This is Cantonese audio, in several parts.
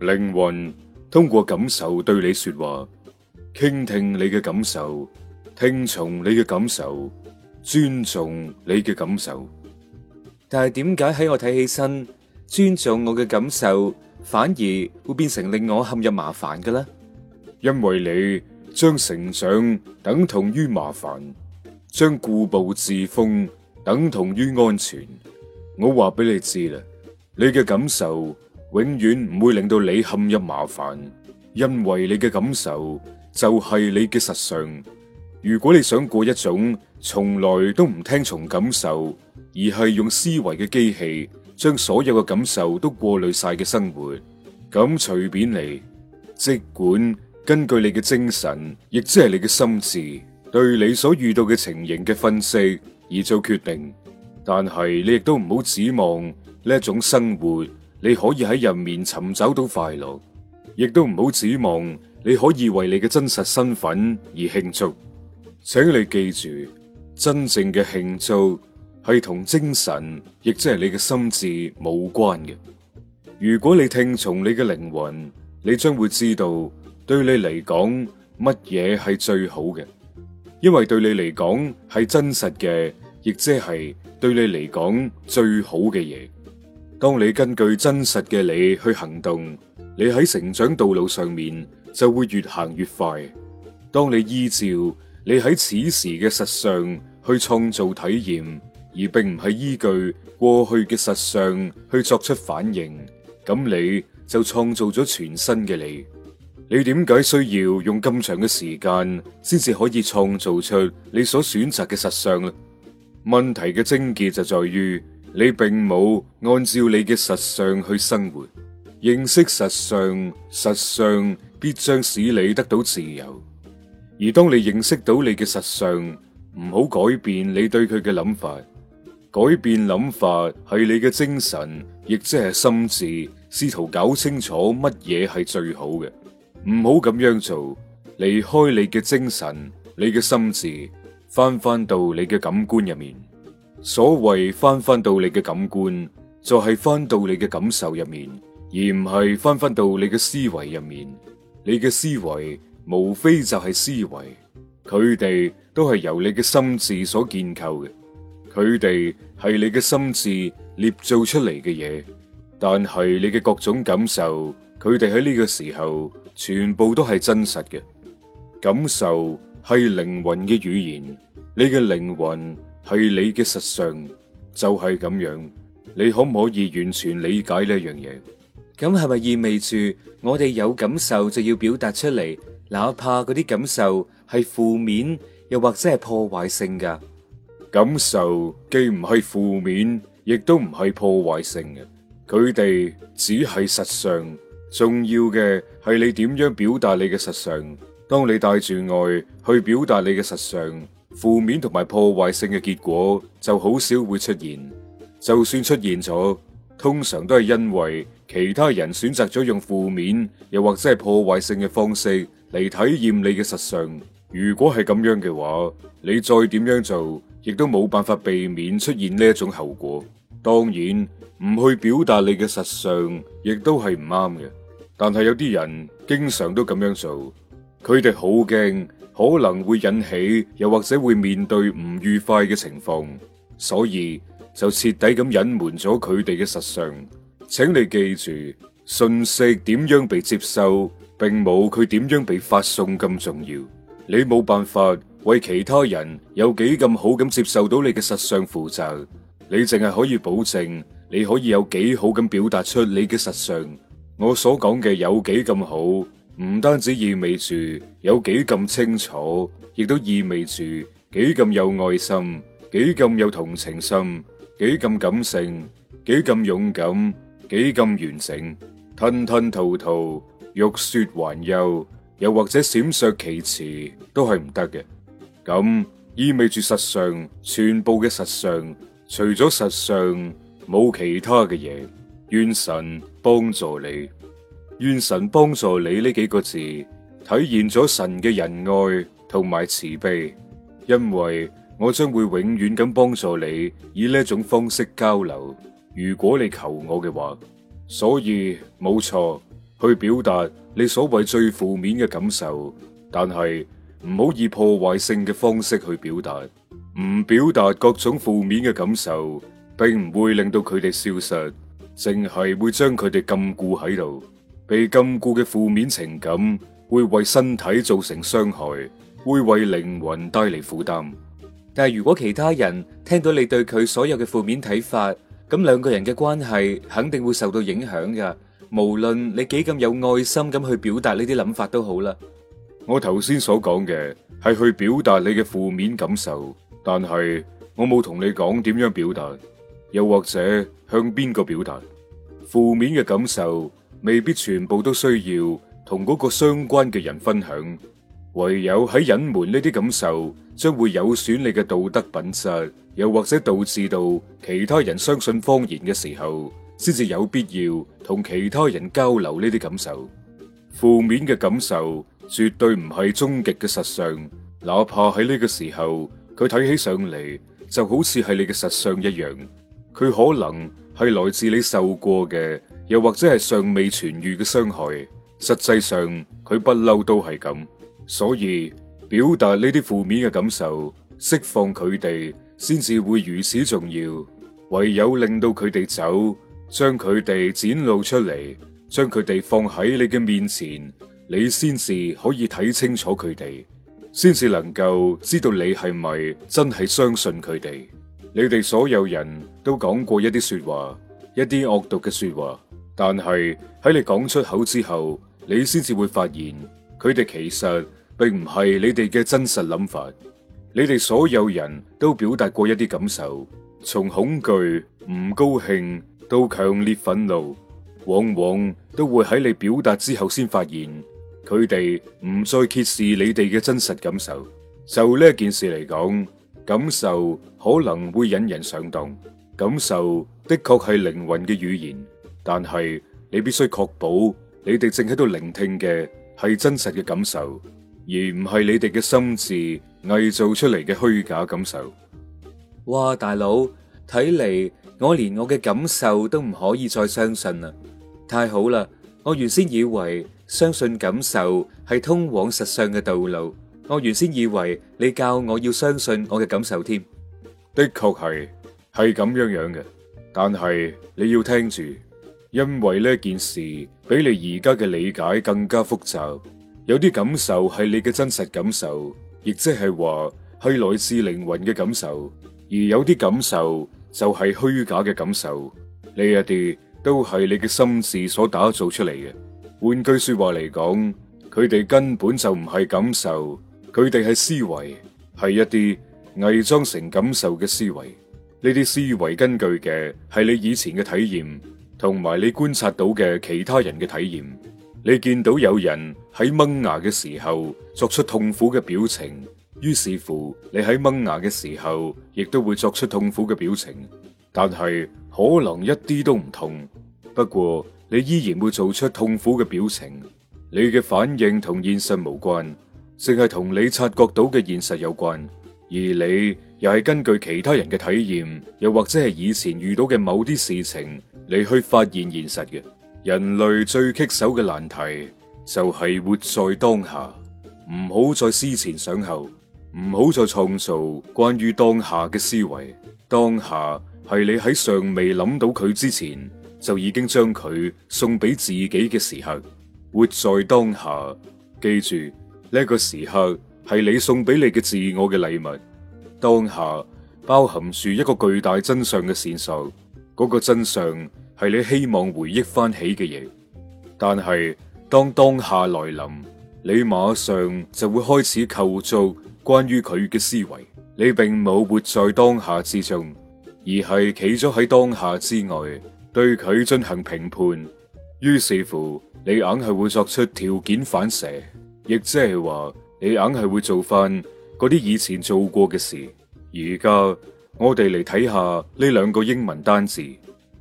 靈魂通過感受對你說話，傾聽你嘅感受，聽從你嘅感受，尊重你嘅感受。但係點解喺我睇起身，尊重我嘅感受反而會變成令我陷入麻煩嘅咧？因為你將成長等同於麻煩，將固步自封等同於安全。我話俾你知啦，你嘅感受。永遠唔會令到你陷入麻煩，因為你嘅感受就係你嘅實相。如果你想過一種從來都唔聽從感受，而係用思維嘅機器將所有嘅感受都過濾晒嘅生活，咁隨便你。即管根據你嘅精神，亦即係你嘅心智，對你所遇到嘅情形嘅分析而做決定，但係你亦都唔好指望呢種生活。你可以喺入面尋找到快樂，亦都唔好指望你可以為你嘅真實身份而慶祝。請你記住，真正嘅慶祝係同精神，亦即係你嘅心智無關嘅。如果你聽從你嘅靈魂，你將會知道對你嚟講乜嘢係最好嘅，因為對你嚟講係真實嘅，亦即係對你嚟講最好嘅嘢。當你根據真實嘅你去行動，你喺成長道路上面就會越行越快。當你依照你喺此時嘅實相去創造體驗，而並唔係依據過去嘅實相去作出反應，咁你就創造咗全新嘅你。你點解需要用咁長嘅時間先至可以創造出你所選擇嘅實相呢？問題嘅症結就在於。你並冇按照你嘅實相去生活，認識實相，實相必將使你得到自由。而當你認識到你嘅實相，唔好改變你對佢嘅諗法。改變諗法係你嘅精神，亦即係心智，試圖搞清楚乜嘢係最好嘅。唔好咁樣做，離開你嘅精神，你嘅心智，返返到你嘅感官入面。所謂翻翻到你嘅感官，就係、是、翻到你嘅感受入面，而唔係翻翻到你嘅思維入面。你嘅思維無非就係思維，佢哋都係由你嘅心智所建構嘅，佢哋係你嘅心智捏造出嚟嘅嘢。但係你嘅各種感受，佢哋喺呢個時候全部都係真實嘅。感受係靈魂嘅語言，你嘅靈魂。係你嘅實相就係咁樣，你可唔可以完全理解呢一樣嘢？咁係咪意味住我哋有感受就要表達出嚟，哪怕嗰啲感受係負面，又或者係破壞性噶？感受既唔係負面，亦都唔係破壞性嘅，佢哋只係實相。重要嘅係你點樣表達你嘅實相。當你帶住愛去表達你嘅實相。負面同埋破壞性嘅結果就好少會出現，就算出現咗，通常都係因為其他人選擇咗用負面又或者係破壞性嘅方式嚟體驗你嘅實相。如果係咁樣嘅話，你再點樣做，亦都冇辦法避免出現呢一種後果。當然，唔去表達你嘅實相，亦都係唔啱嘅。但係有啲人經常都咁樣做，佢哋好驚。可能會引起，又或者會面對唔愉快嘅情況，所以就徹底咁隱瞞咗佢哋嘅實相。請你記住，信息點樣被接受，並冇佢點樣被發送咁重要。你冇辦法為其他人有幾咁好咁接受到你嘅實相負責，你淨係可以保證你可以有幾好咁表達出你嘅實相。我所講嘅有幾咁好。唔單止意味住有幾咁清楚，亦都意味住幾咁有愛心，幾咁有同情心，幾咁感性，幾咁勇敢，幾咁完整，吞吞吐吐、欲說還休，又或者閃爍其詞，都係唔得嘅。咁意味住實相，全部嘅實相，除咗實相，冇其他嘅嘢。願神幫助你。願神幫助你呢幾個字，體現咗神嘅仁愛同埋慈悲，因為我將會永遠咁幫助你，以呢一種方式交流。如果你求我嘅話，所以冇錯，去表達你所謂最負面嘅感受，但係唔好以破壞性嘅方式去表達。唔表達各種負面嘅感受，並唔會令到佢哋消失，淨係會將佢哋禁錮喺度。被禁錮嘅負面情感會為身體造成傷害，會為靈魂帶嚟負擔。但係如果其他人聽到你對佢所有嘅負面睇法，咁兩個人嘅關係肯定會受到影響㗎。無論你幾咁有愛心咁去表達呢啲諗法都好啦。我頭先所講嘅係去表達你嘅負面感受，但係我冇同你講點樣表達，又或者向邊個表達負面嘅感受。未必全部都需要同嗰個相關嘅人分享，唯有喺隱瞞呢啲感受，將會有損你嘅道德品質，又或者導致到其他人相信謊言嘅時候，先至有必要同其他人交流呢啲感受。負面嘅感受絕對唔係終極嘅實相，哪怕喺呢個時候佢睇起上嚟就好似係你嘅實相一樣，佢可能係來自你受過嘅。又或者係尚未痊癒嘅傷害，實際上佢不嬲都係咁。所以表達呢啲負面嘅感受，釋放佢哋，先至會如此重要。唯有令到佢哋走，將佢哋展露出嚟，將佢哋放喺你嘅面前，你先至可以睇清楚佢哋，先至能夠知道你係咪真係相信佢哋。你哋所有人都講過一啲說話，一啲惡毒嘅說話。但係喺你講出口之後，你先至會發現佢哋其實並唔係你哋嘅真實諗法。你哋所有人都表達過一啲感受，從恐懼、唔高興到強烈憤怒，往往都會喺你表達之後先發現佢哋唔再揭示你哋嘅真實感受。就呢件事嚟講，感受可能會引人上當。感受的確係靈魂嘅語言。但係你必須確保你哋正喺度聆聽嘅係真實嘅感受，而唔係你哋嘅心智偽造出嚟嘅虛假感受。哇，大佬，睇嚟我連我嘅感受都唔可以再相信啦！太好啦，我原先以為相信感受係通往實相嘅道路，我原先以為你教我要相信我嘅感受添。的確係，係咁樣樣嘅，但係你要聽住。因為呢件事比你而家嘅理解更加複雜，有啲感受係你嘅真實感受，亦即係話係來自靈魂嘅感受；而有啲感受就係虛假嘅感受。呢一啲都係你嘅心智所打造出嚟嘅。換句說話嚟講，佢哋根本就唔係感受，佢哋係思維，係一啲偽裝成感受嘅思維。呢啲思維根據嘅係你以前嘅體驗。同埋，你觀察到嘅其他人嘅體驗，你見到有人喺掹牙嘅時候作出痛苦嘅表情，於是乎，你喺掹牙嘅時候亦都會作出痛苦嘅表情。但係可能一啲都唔痛，不過你依然會做出痛苦嘅表情。你嘅反應同現實無關，淨係同你察覺到嘅現實有關。而你又係根據其他人嘅體驗，又或者係以前遇到嘅某啲事情。你去發現現實嘅人類最棘手嘅難題就係活在當下，唔好再思前想後，唔好再創造關於當下嘅思維。當下係你喺尚未諗到佢之前就已經將佢送俾自己嘅時刻。活在當下，記住呢一個時刻係你送俾你嘅自我嘅禮物。當下包含住一個巨大真相嘅線索，嗰個真相，係你希望回憶翻起嘅嘢，但係當當下來臨，你馬上就會開始構造關於佢嘅思維。你並冇活在當下之中，而係企咗喺當下之外，對佢進行評判。於是乎，你硬係會作出條件反射，亦即係話你硬係會做翻嗰啲以前做過嘅事。而家我哋嚟睇下呢兩個英文單字。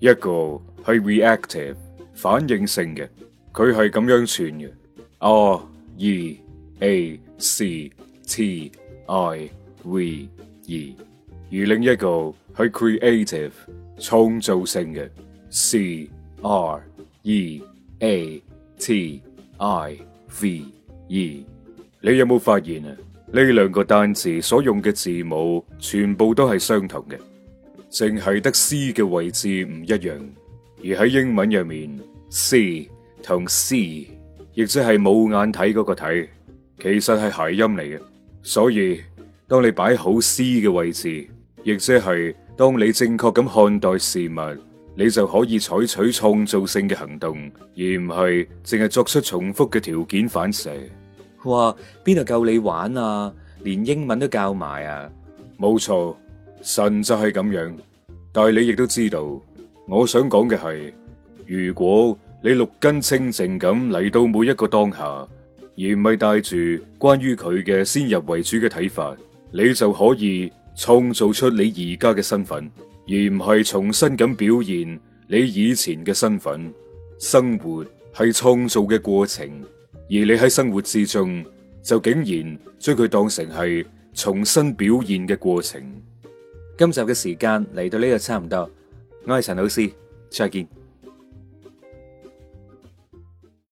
一個係 reactive 反應性嘅，佢係咁樣串嘅，R E A C T I V E。而另一個係 creative 創造性嘅，C R E A T I V E。你有冇發現啊？呢兩個單詞所用嘅字母全部都係相同嘅。淨係得 C 嘅位置唔一樣，而喺英文入面，C 同 C，亦即係冇眼睇嗰個睇，其實係諧音嚟嘅。所以，當你擺好 C 嘅位置，亦即係當你正確咁看待事物，你就可以採取創造性嘅行動，而唔係淨係作出重複嘅條件反射。哇邊度夠你玩啊？連英文都教埋啊？冇錯。神就係咁樣，但係你亦都知道，我想講嘅係，如果你六根清淨咁嚟到每一個當下，而唔係帶住關於佢嘅先入為主嘅睇法，你就可以創造出你而家嘅身份，而唔係重新咁表現你以前嘅身份。生活係創造嘅過程，而你喺生活之中，就竟然將佢當成係重新表現嘅過程。今集嘅時間嚟到呢度差唔多，我係陳老師，再見。